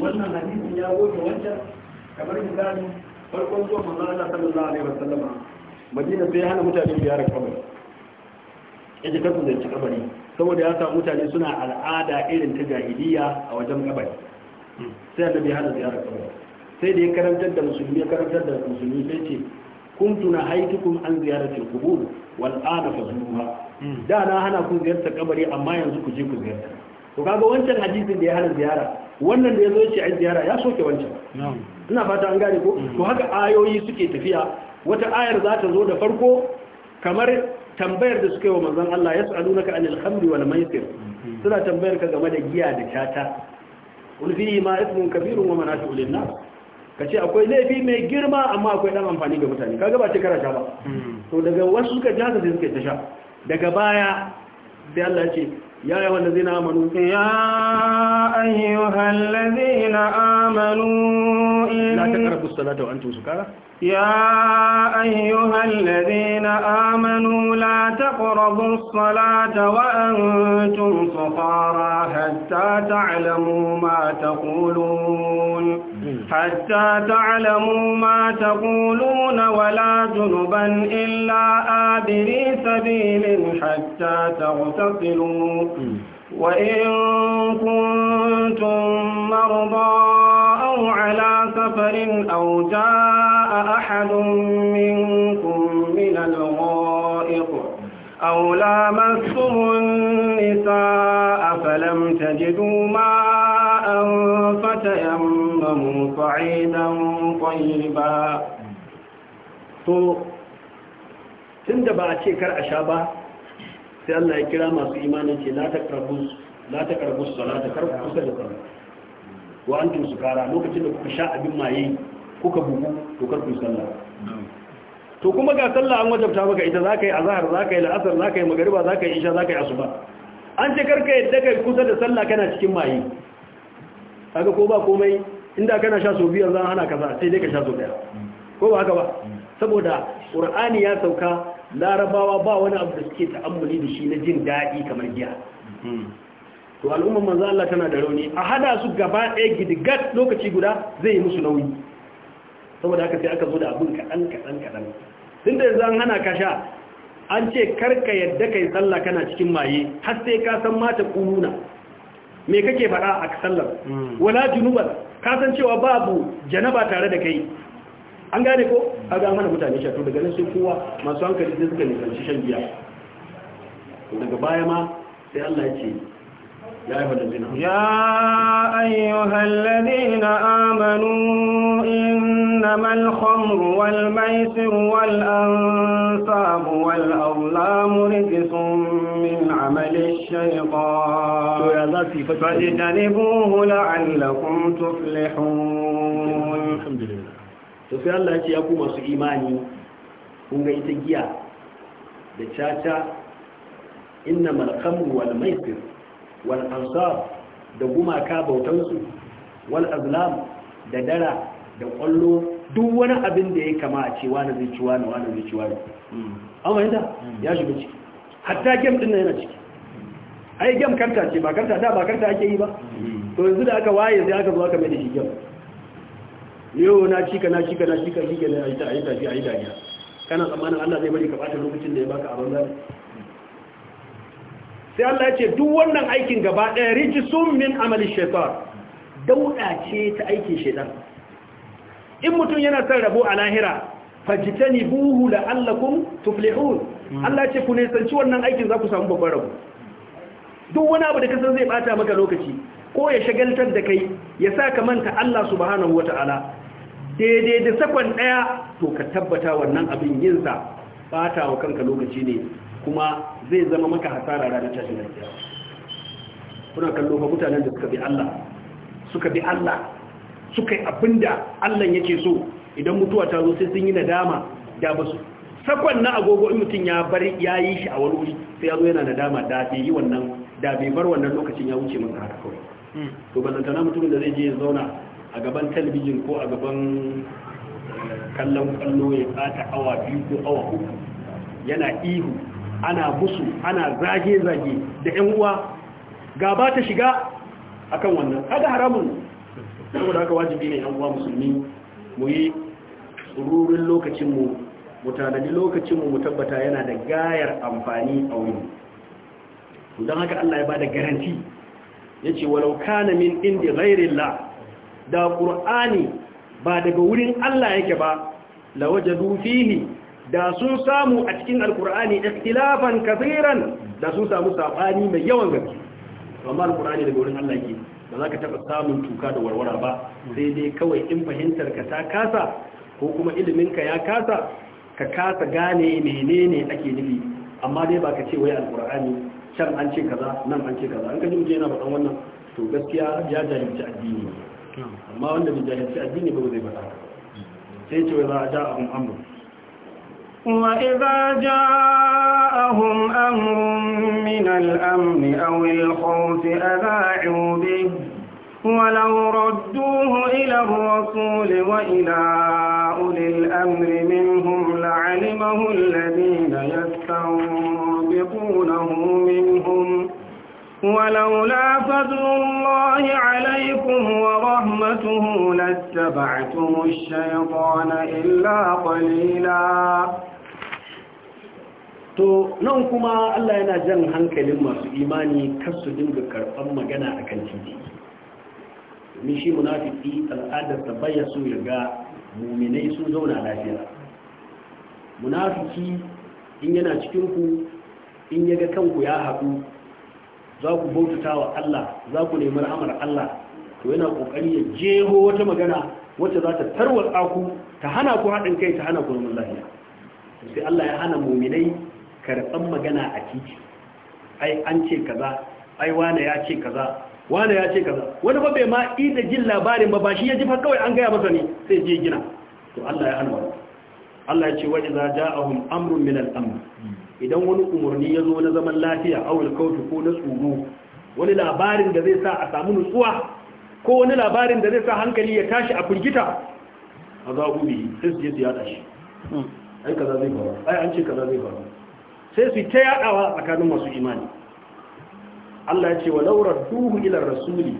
wannan hadisin ya goge wancan kamar misali farkon zuwa manzon Allah sallallahu alaihi wasallam Madina sai hana mutane ziyarar kabari yace kar su zanci kabari saboda ya sa mutane suna al'ada irin ta jahiliya a wajen kabari sai annabi hana ziyarar kabari sai da ya karantar da musulmi ya karantar da musulmi sai ce kuntu na haitukum an ziyaratul qubur wal ana fazuha hmm. da na hana ku ziyarta kabari amma yanzu ku je ku ziyarta to kaga wancan hadisin da ya hana ziyara wannan da ya zo ce a ziyara ya soke wancan ina fata an gane ko mm. to haka ayoyi suke tafiya wata ayar za ta zo da farko kamar tambayar da suka yi wa manzon Allah ya sa'alu naka anil khamri wal maisir mm-hmm. suna tambayar ka game da giya da tata qul fi ma ismun kabirun wa manafi'u lin nas kace akwai laifi mai girma amma akwai dan amfani ga mutane kaga ba ta karata ba mm. to daga wasu suka jaza sai suka tasha daga baya sai Allah ya ce يا أيها الذين آمنوا يا أيها الذين آمنوا إن... لا تقربوا الصلاة وأنتم سكارى يا أيها الذين آمنوا لا تقربوا الصلاة وأنتم سكارى حتى تعلموا ما تقولون حتى تعلموا ما تقولون ولا جنبا إلا آبري سبيل حتى تغتسلوا وإن كنتم مرضى أو على سفر أو جاء أحد منكم من الغائط أو لامستم النساء فلم تجدوا ماءً ماء فتيمموا صعيدا طيبا to da ba a ce kar a sha ba sai Allah ya kira masu imanin ce la taqrabus la taqrabus salata kar ku kusa da sallah wa su kara lokacin da kuka sha abin maye kuka bugu to kar ku sallah to kuma ga sallah an wajabta maka ita ka yi azhar ka yi la'asar ka yi magriba ka yi isha ka yi asuba an ce karka yadda kai kusa da sallah kana cikin maye kaga ko ba komai inda kana sha sau biyar zan hana kaza sai dai ka sha sau daya ko ba haka ba saboda ƙur'ani ya sauka larabawa ba wani abu da suke ta'ammuli da shi na jin daɗi kamar giya to al'ummar manzo Allah tana da rauni a hada su gaba ɗaya gidigat lokaci guda zai yi musu nauyi saboda haka sai aka zo da abun kaɗan kaɗan kaɗan tun da yanzu hana ka sha an ce karka yadda kai sallah kana cikin maye har sai ka san mata kununa me kake faɗa a sallar hmm. wala junuban ka san cewa babu janaba tare da kai an gane ko a ga mana mutane shato daga nan sai kowa masu hankali sai suka nisanci shan giya daga baya ma sai Allah ya ce يا أيها الذين آمنوا إنما الخمر والميسر والأنصاب والأظلام رجس من عمل الشيطان فاجتنبوه لعلكم تفلحون الحمد لله تفي الله يا كوما سو إيماني كونغا إتجيا da caca innamal khamru wal maisir wal ansar da gumaka bautansu wal azlam da dara da kwallo duk wani abin da ya kama a cewa na zai ciwa na wani zai ciwa ne amma yadda hmm. ya shiga ciki hatta gem din na yana ciki ai gem karta ce ba karta da ba karta ake yi ba hmm. to yanzu da aka waye sai aka zo aka mai da shi gem yau na cika na cika na cika shi ke na ayi tafi yi dariya kana tsammanin Allah zai bari ka bata lokacin da ya baka a banza sai Allah ya ce duk wannan aikin gaba ɗaya sun min amalin shekar dauda ce ta aikin shaitan in mutum yana son rabo a lahira fajitani buhu da allakun tuflihun hmm. Allah ce ku nisanci wannan aikin za ku samu babban rabo duk wani abu da kasan zai bata maka lokaci ko ya shagaltar da kai ya sa ka manta Allah subhanahu wata'ala daidai da sakon ɗaya to ka tabbata wannan abin yinsa bata wa kanka lokaci ne kuma zai zama maka hasara ranar tashin lafiya kuna kallo ga mutanen da suka bi Allah suka bi Allah suka yi abinda Allah yake so idan mutuwa ta zo sai sun yi nadama da ba su sakon na agogo in mutum ya bar ya yi shi a wani wuri sai ya zo yana nadama da bai yi wannan da bai bar wannan lokacin ya wuce masa haka kawai hmm. to ba zantana mutumin da zai je ya zauna a gaban talbijin ko a gaban eh, kallon kallo ya tsata awa biyu ko awa uku yana ihu ana busu ana zage-zage da 'yan uwa gaba ta shiga akan wannan kaga haramun saboda haka wajibi ne 'yan uwa musulmi mu yi tsururin lokacinmu mu tanadi lokacinmu mu tabbata yana da gayar amfani a wuri don haka Allah ya ba da garanti ya ce walau kana min indi ghairillah da ƙur'ani ba daga wurin Allah yake ba lawaje fihi da sun samu a cikin alkur'ani ikhtilafan kaseeran da sun samu sabani mai yawan gaske amma alkur'ani daga wurin Allah yake ba za ka taba samun tuka da warwara ba sai dai kawai in fahimtar ka ta kasa ko kuma ilimin ka ya kasa ka kasa gane menene ake nufi amma dai ba ka ce wai alkur'ani can an ce kaza nan an ce kaza an ka ji muje yana faɗan wannan to gaskiya ya jahilci addini amma wanda bai jahilci addini ba zai faɗa sai ce wai za a ja abun amma وإذا جاءهم أمر من الأمن أو الخوف أذاعوا به ولو ردوه إلى الرسول وإلى أولي الأمر منهم لعلمه الذين يستنبطونه منهم ولولا فضل الله عليكم ورحمته لاتبعتم الشيطان إلا قليلاً to nan kuma Allah yana jan hankalin masu imani kar su dinga karɓar magana akan titi domin shi munafiki al'adar ta baya so yaga, ga muminai sun zauna lafiya munafiki in yana cikin ku in yaga kanku ya haɗu za ku bautata wa Allah za ku nemi rahamar Allah to yana kokari ya jeho wata magana wacce za ta tarwatsa ku ta hana ku haɗin kai ta hana ku zaman lafiya sai Allah ya hana muminai Karɓar magana a titi ai an ce kaza ai wane ya ce kaza wane ya ce kaza wani ba bai ma ida jin labarin ba ba shi ya ji fa kawai an gaya masa ne sai je gina to Allah ya hanwa Allah ya ce wa idza ja'ahum amrun min al-amr idan wani umurni ya zo na zaman lafiya aw al-kautu ko na tsoro wani labarin da zai sa a samu nutsuwa ko wani labarin da zai sa hankali ya tashi a firgita a zaɓu bihi sai su je su yaɗa hmm. ai kaza zai faru ai an ce kaza zai faru sai su ta yadawa tsakanin masu imani Allah ya ce wa laurar duhu ilar rasuli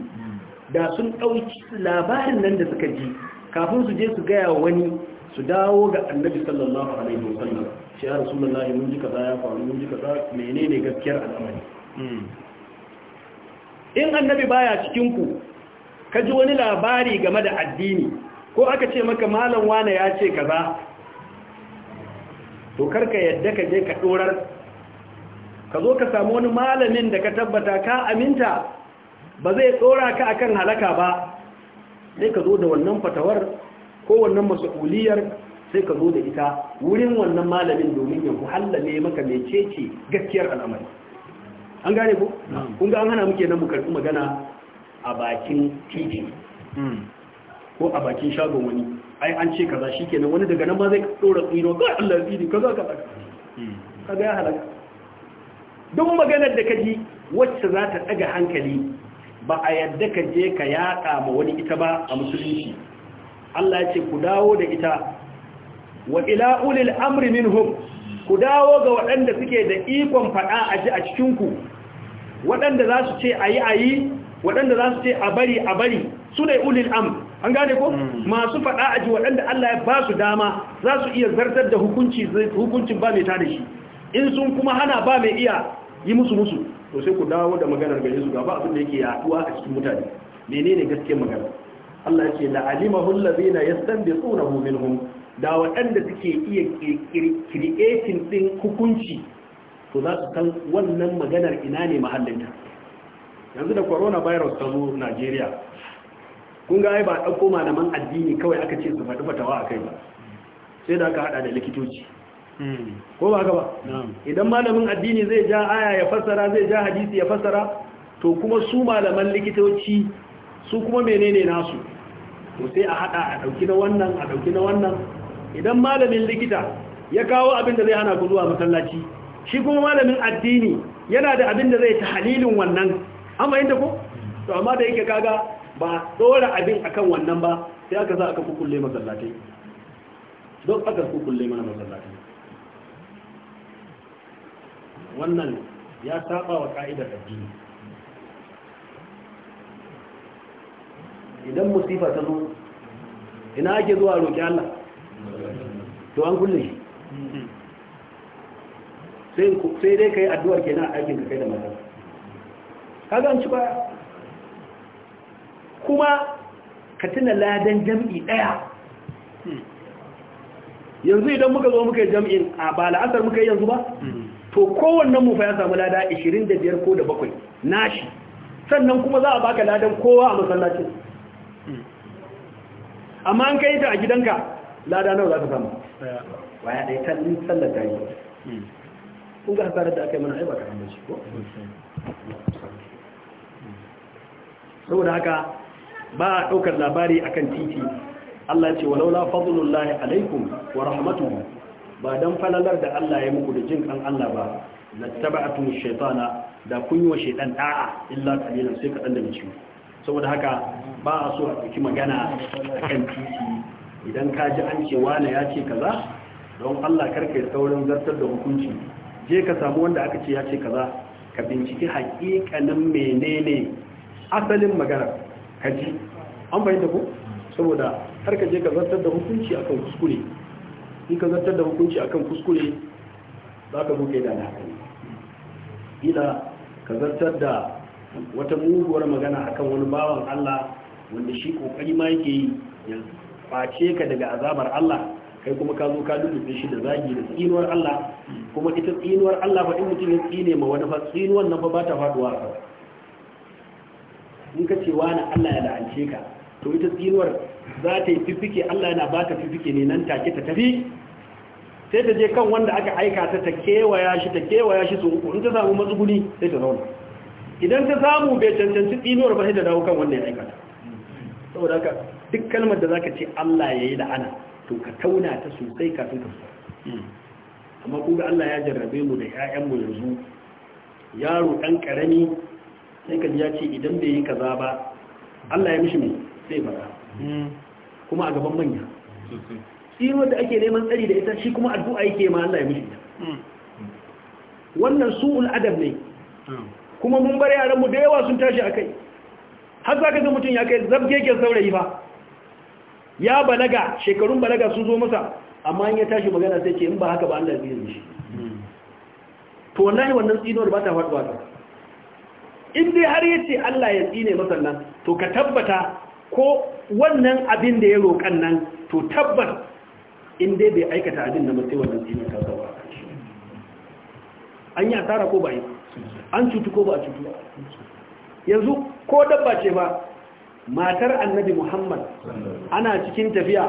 da sun ɗauki labarin nan da suka ji kafin su je su gaya wani su dawo ga annabi sallallahu alaihi wasallam shi ya rasulullahi mun ji kaza ya faru mun ji kaza menene gaskiyar al'amari hmm. in annabi baya cikin ku ka ji wani labari game da addini ko aka ce maka malam wane ya ce kaza to karka yadda ka je ka dorar ka zo ka samu wani malamin da ka tabbata ka aminta ba zai tsora ka akan halaka ba sai ka zo da wannan fatawar ko wannan mas'uliyar sai ka zo da ita wurin wannan malamin domin ya kuhallale maka mai mecece gaskiyar al'amari an gane ku? kun ga an hana muke nan mu karɓi magana a bakin titi hmm. ko a bakin shagon wani ai an ce kaza shikenan wani daga nan ma zai dora tsino hmm. ga Allah tsini kaza kaza kaga ya halaka duk maganar da kaji wacce za ta daga hankali ba a yadda ka je ka yaƙa ma wani ita ba a musulunci Allah ya ce ku dawo da ita wa ila ulil amri minhum ku dawo ga waɗanda suke da ikon faɗa a ji a cikinku waɗanda za su ce a yi waɗanda za su ce a bari a bari su ne ulil am an gane ko hmm. masu faɗa a ji waɗanda Allah ya ba su dama za su iya zartar da hukuncin ba mai ta da shi in sun kuma hana ba mai iya yi musu musu to sai ku dawo da maganar gare su gaba abin da yake yaduwa a cikin mutane menene gaskiyar magana Allah ce la alimahu ladina yastanbitunahu minhum da waɗanda suke iya creating din hukunci to za su san wannan maganar ina ne mahallinta yanzu da coronavirus ta zo Najeriya kun ga ai ba ɗauko malaman addini kawai aka ce su faɗi fatawa akai ba sai da aka hada da likitoci hmm. ko ba gaba idan malamin addini zai ja aya ya fassara zai ja hadisi ya fassara to kuma su malaman likitoci su kuma menene nasu to sai a hada a dauki na wannan a dauki na wannan idan malamin likita ya kawo abin da zai hana ku zuwa masallaci shi kuma malamin addini yana da abin da zai ta halilin wannan amma inda ko to amma da yake kaga ba dora abin akan wannan ba sai aka za aka kukulle masallatai don aka kukulle mana masallatai wannan ya saba wa ka'idar addini idan musifa ta zo ina ake zuwa roƙi Allah to an kulle shi sai dai ka yi addu'ar kenan a aikin ka kai da matar kaga an ci baya kuma ka tuna ladan jam'i daya yanzu idan muka zo muka yi jam'in a ba la'asar muka yi yanzu ba to kowannan mu fa ya samu lada 25 ko da 7 nashi sannan kuma za a baka ladan kowa a masallacin amma an kai ta a gidanka lada nawa za ka samu waya ɗaya ta yi sallar ta yi hmm. kun ga hasarar da aka yi mana aibata hannun shi ko saboda haka ba a ɗaukar labari akan titi Allah ce walaula fadlullahi alaikum wa rahmatuhu ba dan falalar da Allah ya muku da jin kan Allah ba lattaba'tum shaytana da kun yi wa shaytan da'a illa qalilan sai kadan da ciwo saboda haka ba a so a ɗauki magana akan titi idan ka ji an ce wani ya ce kaza don Allah karka saurin zartar da hukunci je ka samu wanda aka ce ya ce kaza ka binciki haƙiƙanin menene asalin magana kaji an fahimta ku saboda har ka je ka zartar da hukunci akan kuskure in ka zartar da hukunci akan kuskure za ka buke da alhakari ila ka zartar da wata muguwar magana akan wani bawan Allah wanda shi kokari ma yake yi ya face ka daga azabar Allah kai kuma ka zo ka dubbe shi da zagi da tsinuwar Allah kuma ita tsinuwar Allah fa in mutum ya tsine ma wani fa tsinuwar nan fa ba ta faduwa in ka ce wani Allah ya la'ance ka to ita tsinuwar za ta yi fifike Allah yana ba ta fifike ne nan take ta tafi sai ta je kan wanda aka aika ta ta kewaya shi ta kewaya shi su uku in ta samu matsuguni sai ta zauna idan ta samu bai cancanci tsinuwar ba sai ta dawo kan wanda ya aika ta saboda haka duk kalmar da za ka ce Allah ya yi la'ana to ka tauna ta sosai kafin ka amma kuma Allah ya jarrabe mu da 'ya'yanmu yanzu yaro ɗan ƙarami sai ka ya ce idan bai yi kaza ba Allah ya mishi mai sai fara hmm. kuma a gaban manya tsiro da ake neman tsari da ita shi kuma addu'a yake ma Allah ya mishi hmm. wannan su'ul adab ne hmm. kuma mun bar yaran mu da yawa sun tashi akai har zaka ga mutum ya kai zabge ke saurayi ba ya balaga shekarun balaga sun zo masa amma in ya tashi magana sai ce in ba haka ba Allah ya yi shi to wallahi wannan tsinuwar ba ta faɗuwa ta in dai har yace Allah ya tsine masa nan to ka tabbata ko wannan abin da ya roƙan nan to tabbas in dai bai aikata abin da mutai wannan tsine ta zaba an yi asara ko ba yi an cutu ko ba a cutu yanzu ko dabba ce ba matar annabi muhammad ana cikin tafiya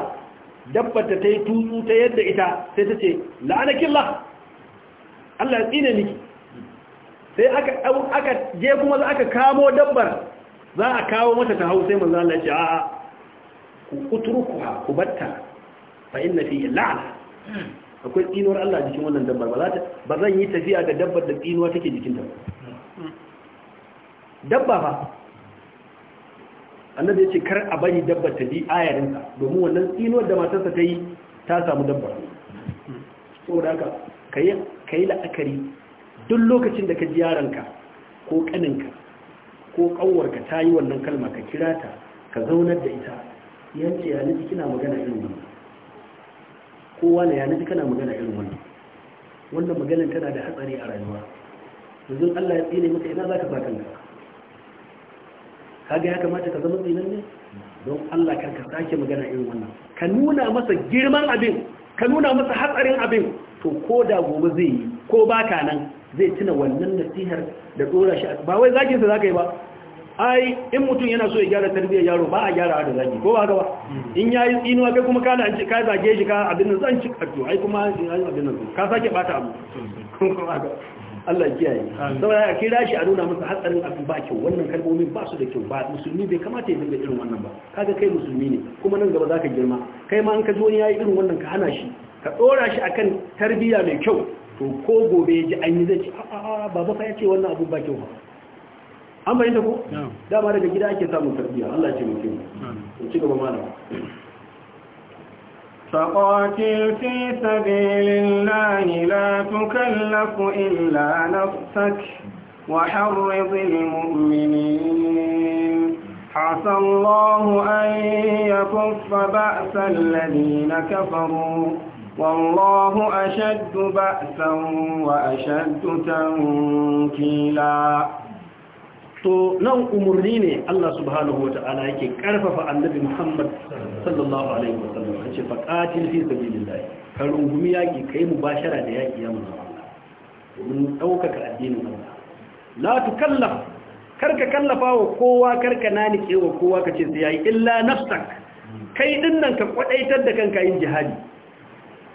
dabba ta yi tutsu ta yadda ita sai ta ce la'anakin la Allah ya tsine miki sai aka je kuma za aka kamo dabbar za a kawo mata ta hau sai manzo Allah ce a'a ku utrukuha ku batta fa inna fi la'na akwai tsinuwar Allah jikin wannan dabbar ba za ta ba zan yi tafiya da dabbar da tsinuwa take jikin ta dabba fa annabi ya ce kar a bari dabbar ta bi ayarinsa domin wannan tsinuwar da matarsa ta yi ta samu dabbar saboda haka kai la'akari duk lokacin da ka ji yaranka ko kaninka ko kawarka ta yi wannan kalma ka kira ta ka zaunar da ita yance ya nufi kina magana irin wannan kowa na ya nufi kana magana irin wannan wannan maganin tana da hatsari a rayuwa yanzu Allah ya tsine maka ina za ka sa kanka kaga ya kamata ka zama tsinan ne don Allah kar ka sake magana irin wannan ka nuna masa girman abin ka nuna masa hatsarin abin to ko da gobe zai yi ko baka nan zai tuna wannan nasihar da dora shi ba wai zakinsa za ka yi ba ai in mutum yana so ya gyara tarbiyyar yaro ba a gyara da zaki ko ba ga ba hmm. in yayi tsinuwa kai kuma kana an ci ka zage shi ka abin nan zan ci karto ai kuma eh, abin nan ka sake bata abu Allah kiyaye saboda ka kira shi a nuna masa hatsarin abin ba kyau wannan kalmomi ba su da kyau ba musulmi bai kamata ya dinga irin wannan ba kaga kai musulmi ne kuma nan gaba zaka girma kai ma an ka zo ne yayi irin wannan ka hana shi ka dora shi akan tarbiyya mai kyau to ko gobe ya ji an yi zai ce a a ba ba ya ce wannan abu ba kyau ba an bayan ta ko dama daga gida ake samun tarbiyya allah ce mutum ko ci gaba mana saƙocin fi sabilin lani la tukallafu illa na sak wa harri zilmumin ya kufa أن يكف بأس الذين كفروا والله أشد بأسا وأشد تنكيلا to nan umarni ne Allah subhanahu wa ta'ala yake karfafa annabi Muhammad sallallahu alaihi wa sallam yace fa qatil fi sabilillah ka rungumi yaki kai mubashara da yaki ya manzo Allah Mun daukaka addinin Allah la tukallaf karka kallafa wa kowa karka nanike wa kowa kace sai yayi illa nafsak kai dinnan ka kwadaitar da kanka yin jihadi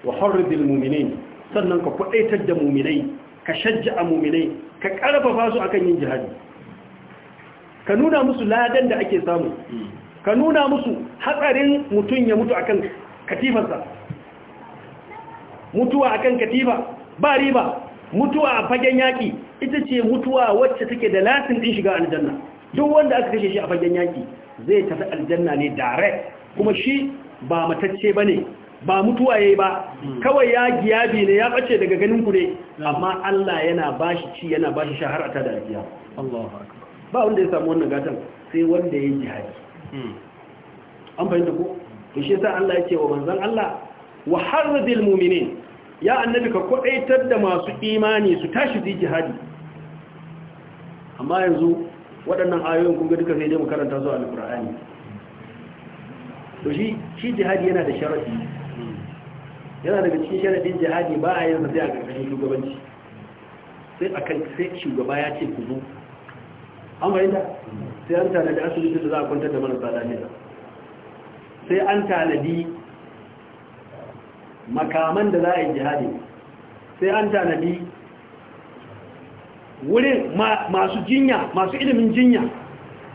wa harridil mu'minin sannan ka kudaitar da mu'minai ka shajja'a mu'minai ka karfafa su akan yin jihadi ka nuna musu ladan da ake samu ka nuna musu hatsarin mutum ya mutu akan katifarsa mutuwa akan katifa ba riba mutuwa a fagen yaƙi ita ce mutuwa wacce take da lasin ɗin shiga aljanna duk wanda aka kashe shi a fagen yaki zai tafi aljanna ne direct kuma shi ba matacce bane ba mutuwa yi ba hmm. kawai ya giyabi ne ya ɓace daga ganin ku ne hmm. amma Allah yana bashi ci yana bashi shahara ta dariya Allahu ba wanda ya samu wannan gatan sai wanda ya yi jihadi hmm. an fahimta ko to shi yasa Allah yake wa manzan Allah wa harridil mu'minin ya annabi ka kwaɗaitar da masu imani su tashi su jihadi amma yanzu waɗannan ayoyin kun ga duka sai dai mu karanta zuwa al to shi shi jihadi yana da sharadi yana daga cikin sharadin jihadi ba a yin sai a ƙarƙashin shugabanci sai a kan sai shugaba ya ce ku zo an fahimta sai an tanadi asibiti da za a kwantar da marasa lafiya sai an tanadi makaman da za a yi jihadi sai an tanadi wurin masu jinya masu ilimin jinya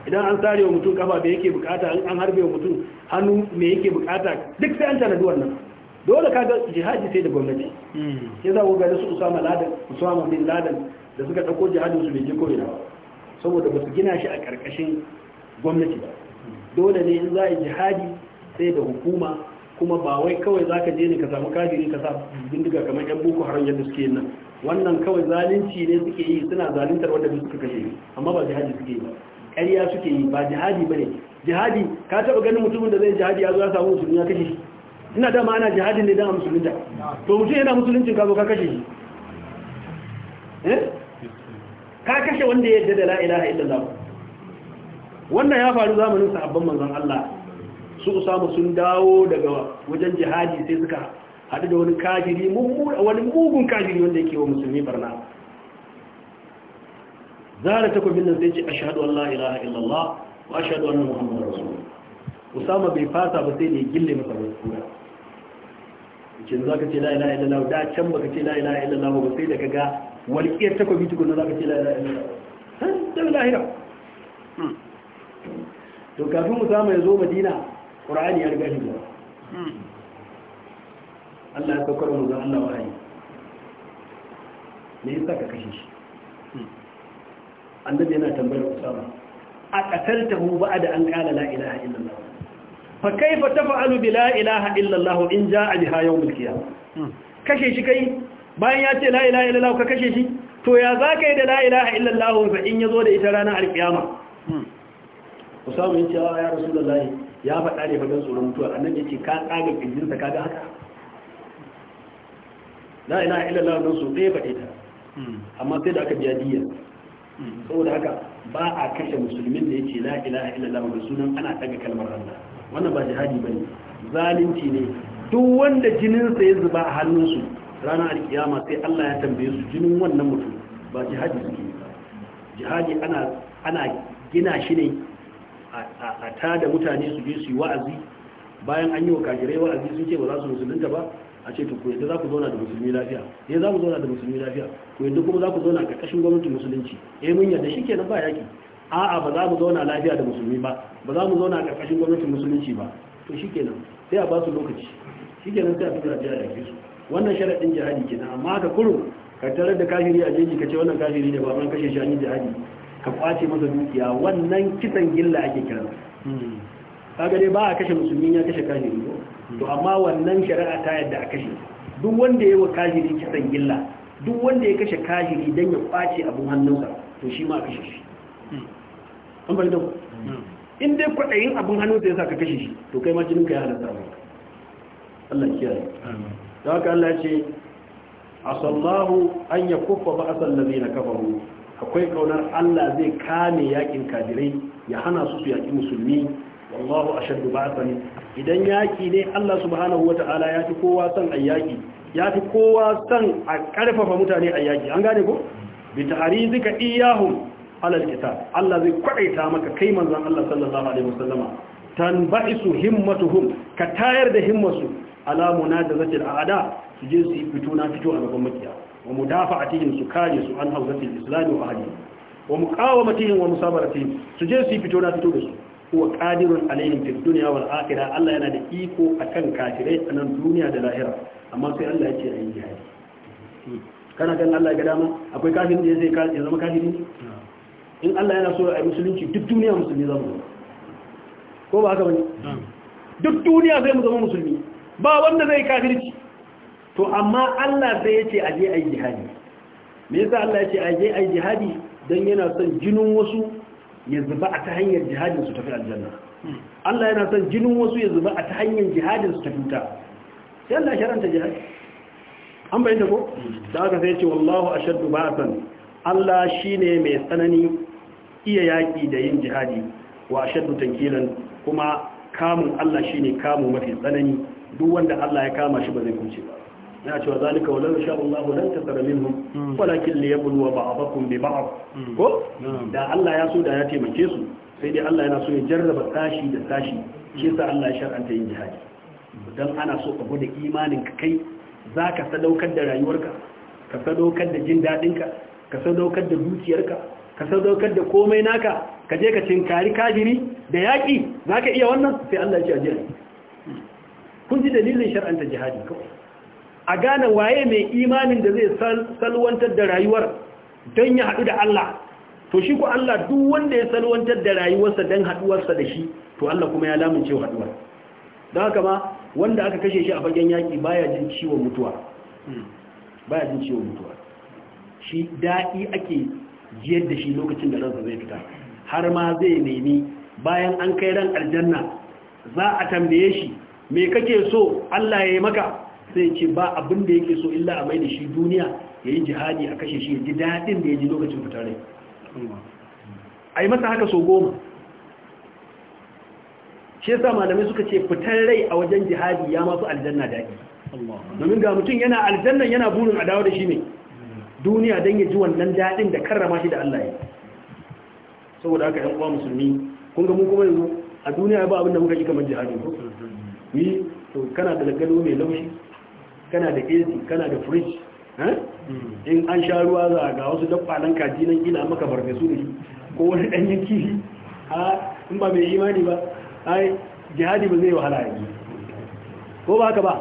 idan an tsare wa mutum kafa da yake bukata an harbe wa mutum hannu me yake bukata duk sai an tanadi wannan dole kaga jihadi sai da gwamnati ya hmm. za ku ga su usama ladan usama bin ladan da suka dauko jihadin su bai je koyi saboda ba su gina shi a karkashin gwamnati ba hmm. dole ne in za a jihadi sai da hukuma kuma ba wai kawai za ka je ne ka samu kafiri ka sa bindiga kamar yan boko haram yadda suke nan wannan kawai zalunci ne suke yi suna zaluntar wanda suka kashe ni amma ba jihadi suke yi ba ƙarya suke yi ba jihadi ba ne. jihadi ka taɓa ganin mutumin da zai jihadi ya zo ya samu musulmi ya kashe shi ina dama ana jihadin ne don a musulunta to mutum yana musuluncin kazo ka kashe shi eh? ka kashe wanda ya yadda da la'ilaha illallah wannan ya faru zamanin sahabban manzon Allah su usamu sun dawo daga wajen jihadi sai suka haɗu da wani kajiri wani mugun kajiri wanda yake wa musulmi barna zara takobin nan sai ce a an Laila ilaha illallah wa ashhadu anna Muhammadu rasulullah usama bai fasa ba sai da gille masa wani sura cikin za ka ce la ilaha illallah da can baka ce la ilaha illallah ba sai da ka ga walƙiyar takobi tukuna za ka ce la ilaha illallah san da lahira hmm. to kafin usama ya zo madina qur'ani ya riga shi ba. Hmm. Allah ya saukar mu zan Allah wahayi me yasa ka kashe shi hmm. annabi yana tambayar usama a qataltahu ba'da an qala la ilaha illallah fa kaifa taf'alu bi la ilaha illa in jaa biha yawm al hmm. kashe shi kai bayan ya ce la ilaha illa ka kashe shi to ya zaka yi da la da ita ranar al usamu yace ya rasulullahi ya faɗa ne fagan tsoron mutuwa annabi yace ka tsaga kinjinsa kaga haka la ilaha illa Allah nan su ɗaya faɗe ta hmm. amma sai da aka biya diya hmm. saboda haka ba a kashe musulmin da yace la ilaha illa Allah da sunan ana tsaga kalmar Allah wannan ba jihadi ba ne zalunci ne duk wanda jininsa ya zuba a hannunsu ranar alkiyama sai Allah ya tambaye su jinin wannan mutum ba jihadi ne ba jihadi ana gina shi ne a tada mutane su je su yi wa'azi bayan an yi wa kajirai wa'azi sun ce ba za su musulunta ba a ce ku yadda za ku zauna da musulmi lafiya eh za ku zauna da musulmi lafiya ku yadda kuma za ku zauna a ƙarƙashin gwamnatin musulunci eh mun yadda shi kenan ba yaki a'a ba za mu zauna lafiya da musulmi ba ba za mu zauna a ƙarƙashin gwamnatin musulunci ba to shikenan sai a ba su lokaci shikenan sai a fi zafi a yake su wannan sharaɗin jihadi kenan amma ka kurum ka tarar da kafiri a jeji ka ce wannan kafiri ne ba ban kashe shi an jihadi ka kwace masa dukiya wannan kisan gilla ake kiran ga dai ba a kashe musulmi ya kashe kafiri ko to amma wannan shari'a ta yadda a kashe duk wanda ya yi wa kafiri kisan gilla duk wanda ya kashe kafiri don ya kwace abun hannunsa to shi ma a kashe shi an bari da in dai kwaɗayin abin hannu da ya sa ka kashe shi to kai ma jinin ka ya halatta mai Allah kiyaye da haka Allah ce asallahu an ya kuffa ba asal ladina kafaru akwai kaunar Allah zai kame yakin kadirai ya hana su su yaki musulmi wallahu ashaddu ba'san idan yaki ne Allah subhanahu wata'ala ya fi kowa son ayyaki ya fi kowa san a karfafa mutane ayyaki an gane ko bi ta'rizika iyahum alal kitab Allah zai kwadaita maka kai manzon Allah sallallahu alaihi wasallama tanba'isu himmatuhum ka tayar da himmasu ala munadazatil a'da su je su fito na fito a gaban makiya wa mudafa'atihim su kare su an hawzatil islam wa ahli wa muqawamatihim wa musabaratihim su je su fito na fito da su huwa qadirun alaihim fid dunya wal akhirah Allah yana da iko akan kafirai a nan duniya da lahira amma sai Allah yake yin ayi jihadi kana ganin Allah ya ga dama akwai kafirin da zai zama kafiri in Allah yana so a musulunci duk duniya musulmi za mu zama ko ba haka bane duk duniya zai mu zama musulmi ba wanda zai kafirci to amma Allah sai ya ce aje ai jihadi me yasa Allah ya ce aje ai jihadi dan yana son jinin wasu ya zuba a ta hanyar jihadin su tafi aljanna hmm. Allah yana son jinin wasu ya zuba a ta hanyar jihadin su tafi wuta sai Allah ya sharanta jihadi an bayyana ko hmm. da aka sai ya ce wallahu ashaddu ba'san Allah shine mai tsanani iya yaƙi da yin jihadi wa ashaddu tankilan kuma kamun Allah shine kamu mafi tsanani duk wanda Allah ya kama shi ba zai kunce ba yana cewa zalika wa lam sha Allah lan tasara minhum hmm. walakin liyabluwa ba'dakum bi ba'd hmm. ko hmm. da Allah ya so da ya taimake su sai dai Allah yana so ya jarraba tashi da tashi shi yasa Allah ya shar'anta yin jihadi dan ana so ka gwada imanin ka kai zaka sadaukar da rayuwarka ka sadaukar da jin dadinka ka sadaukar da dukiyarka ka sadaukar da komai naka ka je ka cinkari kafiri da yaƙi za ka iya wannan sai Allah ce a jiya kun ji dalilin shar'anta jihadi kawai a gane waye mai imanin da zai salwantar da rayuwar don ya haɗu da Allah to shi ku Allah duk wanda ya salwantar da rayuwarsa don haɗuwarsa da shi to Allah kuma ya lamince haɗuwar don haka ma wanda aka kashe shi a fagen yaƙi baya jin ciwon mutuwa hmm. baya jin ciwon mutuwa shi daɗi ake jiyar da shi lokacin da ransa zai fita har ma zai nemi bayan an kai ran aljanna za a tambaye shi me kake so Allah ya yi maka sai ce ba abin da yake so illa a mai da shi duniya ya yi jihadi a kashe shi ya ji daɗin da ya ji lokacin fita ne a yi masa haka so goma shi yasa malamai suka ce fitar rai a wajen jihadi ya masu aljanna daɗi domin ga mutum yana aljannan yana burin a dawo da shi ne duniya don ya ji wannan daɗin da karrama shi da Allah ya saboda haka yan uwa musulmi kun ga mun kuma yanzu a duniya ba abin da muka yi kamar jihadi ko ni to kana da lagalo mai laushi kana da AC kana da fridge eh? hmm. in an sha ruwa za ga wasu nan kaji nan gina maka barfesu su shi ko wani danyen kifi a in ba mai imani ba ai jihadi ba zai wahala yi ko ba haka ba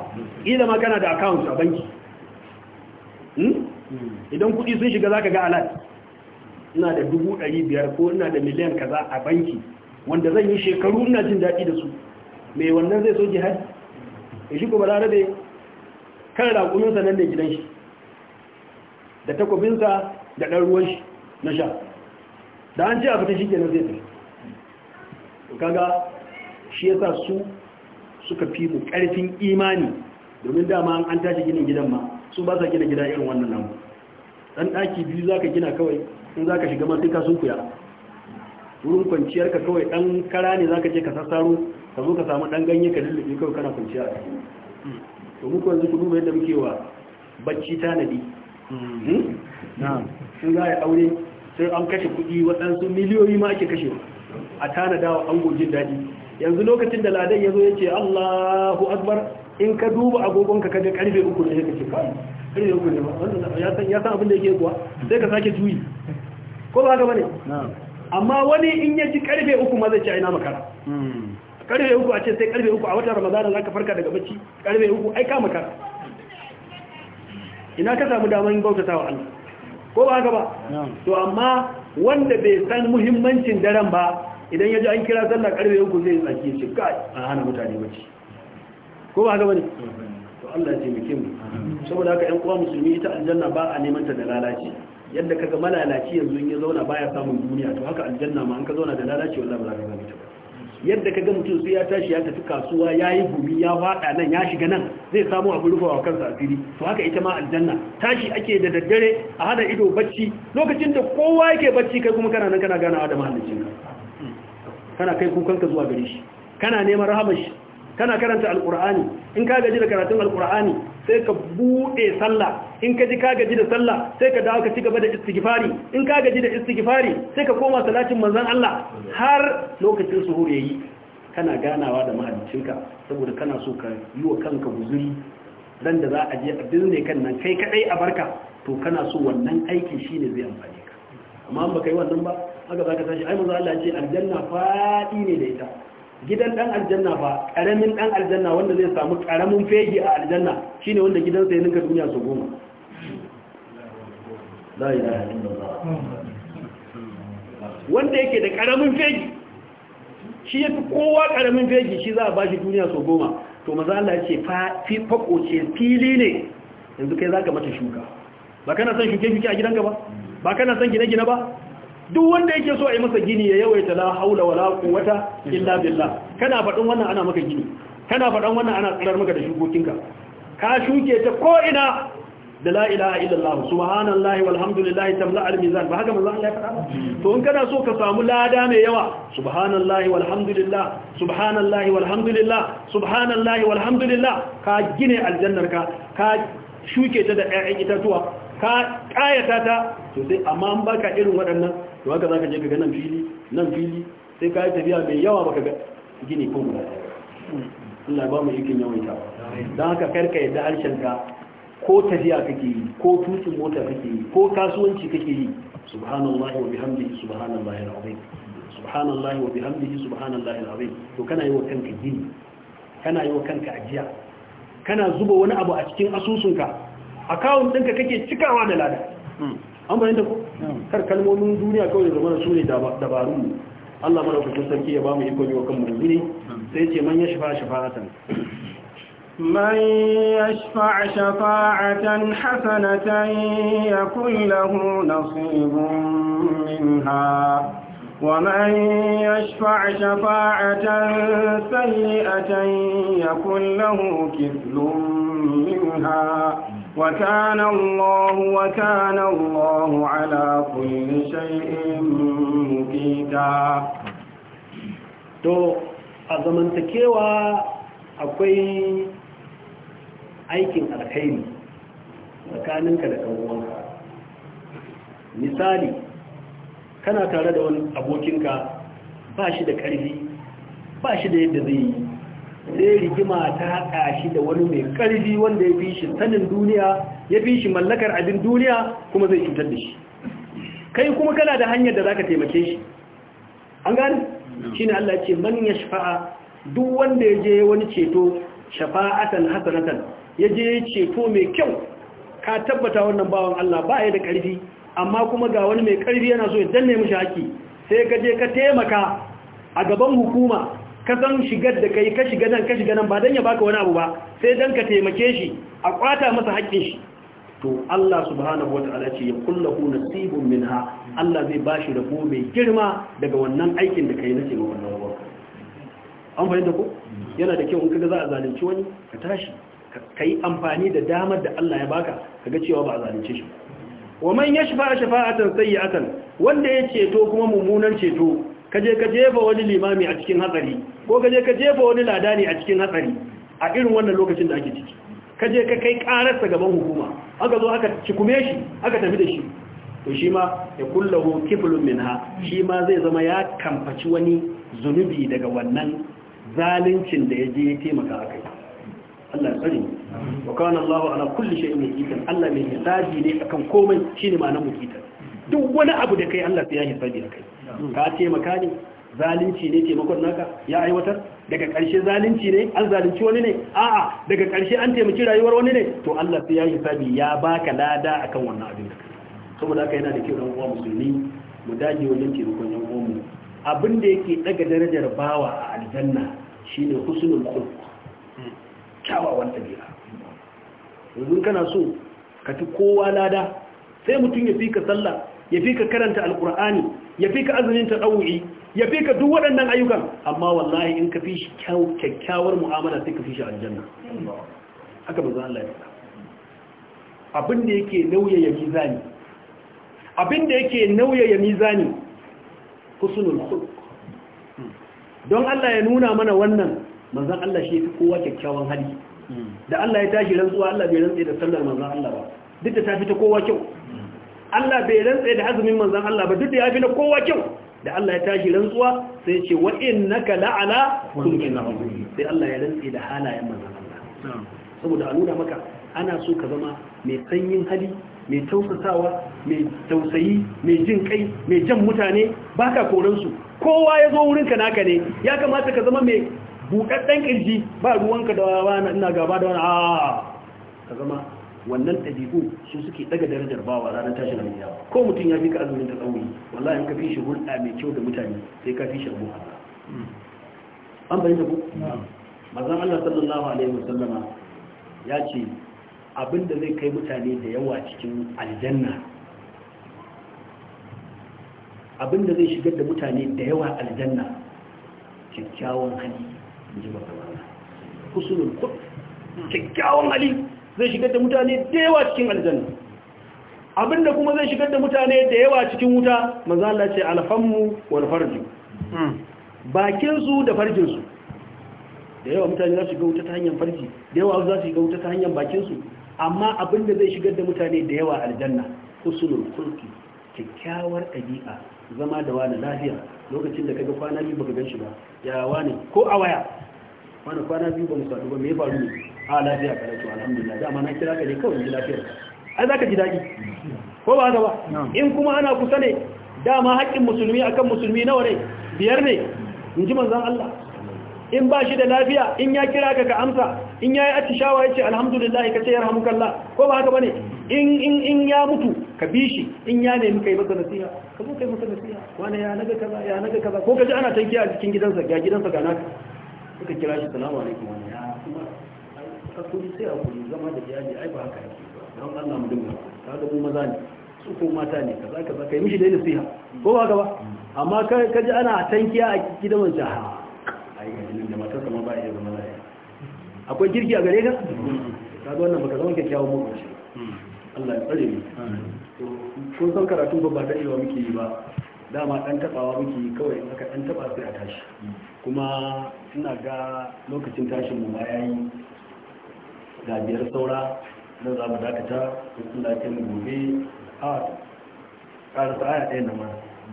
ila ma kana da account a banki Hmm? Hmm. idan kuɗi sun shiga za ka ga alat ina da dubu ɗari biyar ko ina da miliyan kaza a banki wanda zan yi shekaru ina jin daɗi da su mai wannan zai so jihadi ya hmm. shi kuma rarabe kan raƙuminsa nan da gidan shi da takwabinsa da ɗan ruwan shi na sha da an ce a fita shi ke na zai fi kaga shi ya sa su suka fi mu ƙarfin imani domin dama an tashi ginin gidan ma su ba sa gina gida irin wannan namu dan daki biyu za ka gina kawai in ka shiga ma sai kuya. wurin kwanciyar ka kawai dan kara ne za ka je ka sassaro ka zo ka samu dan ganye ka lullube kawai kana kwanciya a ciki to muku yanzu ku duba yadda muke wa bacci tanadi sun hmm? za a yi aure sai an kashe kuɗi waɗansu miliyoyi ma ake kashewa a tanada wa ango daɗi yanzu lokacin da ladan ya zo ya ce Allahu akbar in ka duba agogonka kaga karfe uku ne ka kai karfe uku ne ba ya san abin da yake kuwa sai ka sake juyi ko ba haka bane amma wani in ya ji karfe uku ma zai ci aina makara hmm. karfe uku a ce sai karfe uku a watan ramadana za ka farka daga bacci karfe uku ai ka makara ina ka samu daman bauta wa Allah ko ba haka ba to amma wanda bai san muhimmancin daren ba idan ya ji an kira sallah karfe uku zai tsaki shi kai a hana mutane bacci ko ba gaba ne to Allah ya taimake mu saboda haka ƴan uwa musulmi ita aljanna ba a neman ta da lalaci yadda kaga malalaci yanzu in ya zauna baya samun duniya to haka aljanna ma an ka zauna da lalaci wallahi ba za ka gane ta yadda kaga mutum sai ya tashi ya tafi kasuwa ya yi gumi ya fada nan ya shiga nan zai samu abu rufa wa kansa asiri to haka ita ma aljanna tashi ake da daddare a hada ido bacci lokacin da kowa yake bacci kai kuma kana nan kana ganawa da mahallicin ka kana kai kukanka zuwa gare shi kana neman rahamar shi kana karanta alkur'ani in ka gaji da karatun alkur'ani sai ka bude sallah in ka ji ka gaji da sallah sai ka dawo ka ci gaba da istighfari in ka gaji da istighfari sai ka koma salatin manzon Allah har lokacin suhur yayi kana ganawa da mahaliccinka saboda kana so ka yi wa kanka guzuri dan da za a je a binne kan nan kai kadai a barka to kana so wannan aikin shine zai amfane ka amma an baka yi wannan ba haka zaka tashi ai manzon Allah ya ce aljanna fadi ne da ita gidan dan aljanna ba karamin dan aljanna wanda zai samu karamin fegi a aljanna shine wanda gidansa ya ninka duniya su goma la ilaha illallah wanda yake da karamin fegi shi yafi kowa karamin fegi shi za a bashi duniya su goma to maza Allah ya ce fa fi ce fili ne yanzu kai zaka mata shuka ba kana son shuke shuke a gidanka ba ba kana son gine gine ba duk wanda yake so a yi masa gini ya yawaita la haula wala quwwata illa billah kana faɗin wannan ana maka gini kana faɗan wannan ana tsirar maka da shukokinka ka shuke ta ko ina da la ilaha illallah subhanallahi walhamdulillahi tamla almizan ba haka manzo Allah ya faɗa ba to in kana so ka samu lada mai yawa subhanallahi walhamdulillah subhanallahi walhamdulillah subhanallahi walhamdulillah ka gine aljannar ka ka shuke ta da ƴaƴan itatuwa ka kayata ta to sai amma an baka irin waɗannan to haka zaka je ka ga nan fili nan fili sai ka yi tafiya mai yawa baka ga gini ko guda Allah ba mu yakin yawaita dan haka karka yadda harshen ka ko tafiya kake yi ko tutun mota kake yi ko kasuwanci kake yi subhanallahi wa bihamdihi subhanallahi alazim subhanallahi wa bihamdihi subhanallahi alazim to kana yi wa kanka gini kana yi wa kanka ajiya kana zuba wani abu a cikin asusunka akawun ɗinka kake cikawa da lada hmm. an bayan da ku kar kalmomin duniya kawai da zama su ne dabarun mu Allah mana kusur sarki ya ba mu iko yiwa kan mulmuni hmm. sai ce man ya shafa shafa'atan من يشفع شفاعة حسنة يكن له نصيب منها ومن يشفع شفاعة سيئة يكن له كفل منها وكان الله وكان الله على كل شيء مقيتا to a zamantakewa akwai aikin alkhairi tsakaninka da ɗan'uwanka misali kana tare da wani abokinka ba shi da ƙarfi ba shi da yadda zai yi sai rigima ta haɗa shi da wani mai ƙarfi wanda ya fi shi sanin duniya ya fi shi mallakar abin duniya kuma zai cutar da shi kai kuma kana da hanyar da za ka taimake shi an gani shi ne Allah ce man ya shafa'a duk wanda ya je wani ceto shafa'atan hasanatan ya je ceto mai kyau ka tabbata wannan bawan Allah ba ya da ƙarfi amma kuma ga wani mai ƙarfi yana so ya danne mishi haƙi sai ka je ka taimaka a gaban hukuma ka san shigar da kai ka shiga nan ka shiga nan ba dan ya baka wani abu ba sai dan ka taimake shi a kwata masa haƙƙin shi to Allah subhanahu ala ce ya kullahu nasibun minha Allah zai bashi rabo mai girma daga wannan aikin da kai wannan an fahimta ko yana da kyau in kaga za a zalunci wani ka tashi ka yi amfani da damar da Allah ya baka kaga cewa ba a zalunce shi wa man yashfa shafa'atan sayyi'atan wanda ya ceto kuma mummunan ceto kaje ka jefa wani limami a cikin hatsari ko kaje ka jefa wani ladani a cikin hatsari a irin wannan lokacin da ake ciki kaje ka kai kararsa gaban hukuma aka zo aka cikume shi aka tafi da shi to shi ma ya kullahu kiflun minha shi ma zai zama ya kamfaci wani zunubi daga wannan zalincin da ya je ya taimaka akai Allah ya sani. wa kana Allah ala kulli shay'in Allah mai hisabi ne akan komai shine na muqitan duk wani abu da kai Allah ya hisabi akai ka taimaka ne zalunci ne taimakon naka ya aiwatar daga ƙarshe zalunci ne an zalunci wani ne a'a daga ƙarshe an taimaki rayuwar wani ne to Allah sai ya hisabi ya baka lada akan wannan abin saboda haka yana da kyau dan uwa musulmi mu dage wajen taimakon yan mu. abin da yake daga darajar bawa a aljanna shine husnul khuluq kyawawan tabi'a yanzu kana so ka ci kowa lada sai mutum ya fika sallah ya ka karanta alqur'ani ya fi ka azumin ɗau'i ya fi ka duk waɗannan ayyukan amma wallahi in ka fi shi kyakkyawar mu'amala sai ka fi shi aljanna haka ba za a ya abin da yake nauye ya mizani abin da yake nauye ya mizani husnul khuluq don Allah ya nuna mana wannan manzon Allah shi fi kowa kyakkyawan hali da Allah ya tashi rantsuwa Allah bai rantsa da sallar manzon Allah ba duk da ta fi ta kowa kyau Allah bai rantsa da azumin manzan Allah ba duk da ya fi na kowa kyau da Allah ya tashi rantsuwa sai ya ce wa innaka la'ala kulkin sai Allah ya rantsa da halayen manzan Allah saboda a nuna maka ana so ka zama mai sanyin hali mai tausasawa mai tausayi mai jin kai mai jan mutane baka koransu kowa ya zo wurinka naka ne ya kamata ka zama mai buɗaɗɗen ƙirji ba ruwanka da wani ina gaba da wani a ka zama wannan ɗabi'u su suke daga darajar bawa ranar tashin alƙiyama ko mutum ya fi ka azumin tasawuri wallahi in ka fi shi hulɗa mai kyau da mutane sai ka fi shi abu an bayyana ku mazan Allah sallallahu alaihi wasallama ya ce abinda zai kai mutane da yawa cikin aljanna abinda zai shigar da mutane da yawa aljanna kyakkyawan hali in ji makamana kusurin kudu kyakkyawan hali zai shigar da mutane da yawa cikin aljanna abinda kuma zai shigar da mutane da yawa cikin wuta manzo ce alhammu wal farju hmm. bakin su da farjin su da yawa mutane za su shiga wuta ta hanyar farji da yawa za su shiga wuta ta hanyar bakin su amma abinda zai shigar da mutane da yawa aljanna usulul khulqi kyakkyawar ɗabi'a zama da wani lafiya lokacin da kaga kwana biyu baka gan shi ba ya wani ko a waya wani kwana biyu ba mu sadu ba me ya faru ne a lafiya ka lafiya alhamdulillah dama na kira ka ne kawai ji lafiyar ka. ai za ka ji daɗi ko ba haka ba in kuma ana kusa ne dama haƙƙin musulmi akan musulmi nawa ne biyar ne in ji manzan Allah in ba shi da lafiya in ya kira ka ka amsa in ya yi attishawa ya ce alhamdulillah ka ce ya yarhamukallah ko ba haka ba ne? in ya mutu ka bi shi in ya nemi kai masa nasiha ka zo kai masa nasiha wani ya naga kaza ya naga kaza ko ka ji ana tankiya a cikin gidansa ga gidansa ga naka suka kira shi salamu alaikum hakuri sai kuri zama da iyali ai ba haka yake don Allah mu dinga ka ga mu maza ne su ko mata ne kaza kaza kai mishi dai nasiha ko ba gaba amma ka ji ana tankiya a gidan wancan ha ai ga nan da matar kuma ba iya zama lafiya akwai kirki a gare ka ka ga wannan baka zama kyakkyawan mu ce Allah ya tsare mu ko kun san karatu ba ba da yawa muke yi ba dama dan tabawa muke kawai in aka dan taba sai a tashi kuma ina ga lokacin tashin mu ma yayi gajiyar saura na za mu dakata wasu lafiya gobe a ƙarasa aya ɗaya na ma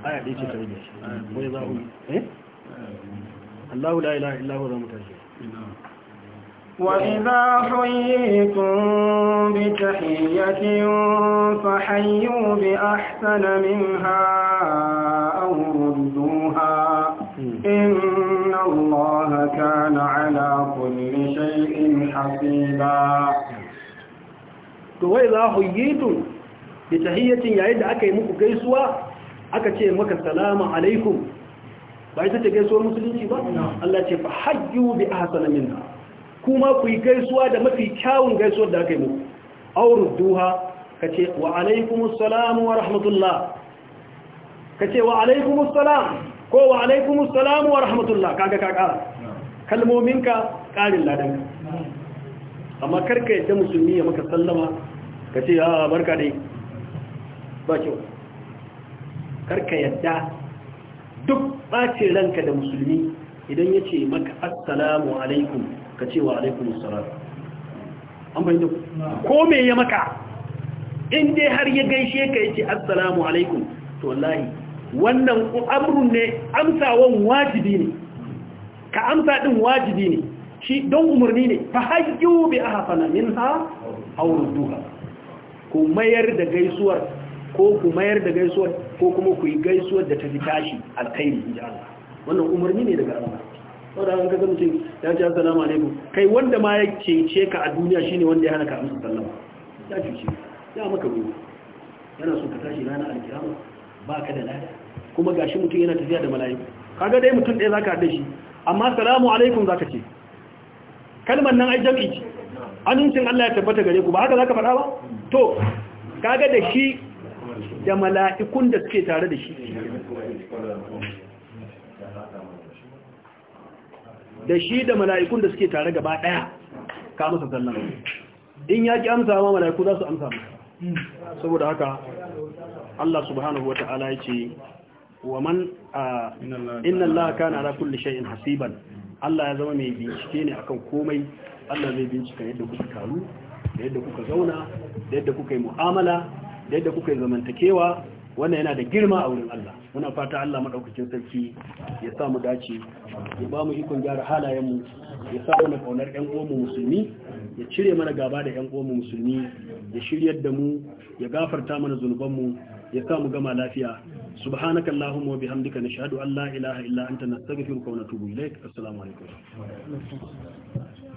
aya ɗaya ce tare da shi wai za mu eh Allahu la ilaha illa huwa zamu tashi وإذا حييتم بتحية فحيوا بأحسن منها أو ردوها إن الله كان على كل hasiba to wai za to da tahiyyatin yayin da aka yi muku gaisuwa aka ce maka salamu alaikum ba ita ce gaisuwar musulunci ba Allah ce fa hayyu bi ahsana minna kuma ku yi gaisuwa da mafi kyawun gaisuwar da aka yi muku aurduha kace wa alaikumus salam wa rahmatullah kace wa alaikumus salam ko wa alaikumus salam wa rahmatullah kaga ka kara kalmominka karin ladan amma karka yadda musulmi ya maka sallama ka ce ya ah, barka dai ba kyau karka yadda duk ɓace ranka da musulmi idan ya ce maka assalamu alaikum ka ce wa alaikum assalam an bayyana ko me ya maka in dai har ya gaishe ka ya ce assalamu alaikum to wallahi wannan amrun ne amsawan wajibi ne ka amsa din wajibi ne shi don umarni ne fa hajju bi ahsana ha aw rudduha ku mayar da gaisuwar ko ku mayar da gaisuwar ko kuma ku yi gaisuwar da ta fi tashi alkhairi inji Allah wannan umarni ne daga Allah saboda an kaga mutum ya ce assalamu alaikum kai wanda ma ya cece ka a duniya shine wanda ya hana ka amsa sallama ya cuce ya maka gudu yana so ka tashi rana alkiyama ba ka da lada kuma gashi mutum yana tafiya da mala'iku kaga dai mutum ɗaya za ka haɗe shi amma salamu alaikum za zaka ce kalmar nan ai jam'i ce amincin Allah ya tabbata gare ku ba haka za ka faɗa ba to kaga da shi da mala'ikun da suke tare da shi da shi da mala'ikun da suke tare gaba ɗaya ka masa sallama in ya ki amsa ma mala'iku za su amsa saboda haka Allah subhanahu wa ta'ala ya ce wa man inna Allah kana ala kulli shay'in hasiban Allah ya zama mai bincike ne akan komai Allah zai bincika yadda kuka taru da yadda kuka zauna da yadda kuka yi mu'amala da yadda kuka yi zamantakewa wannan yana da girma a wurin Allah muna fata Allah madaukakin sarki ya sa mu dace ya ba mu ikon gyara halayenmu ya sa mana kaunar ƴan uwanmu musulmi ya cire mana gaba da ƴan uwanmu musulmi ya shiryar da mu ya gafarta mana zunubanmu ya mu gama lafiya subhanaka allahumma wa bihamdika nashhadu an la ilaha illa anta nastaghfiruka wa natubu ilaik assalamu alaikum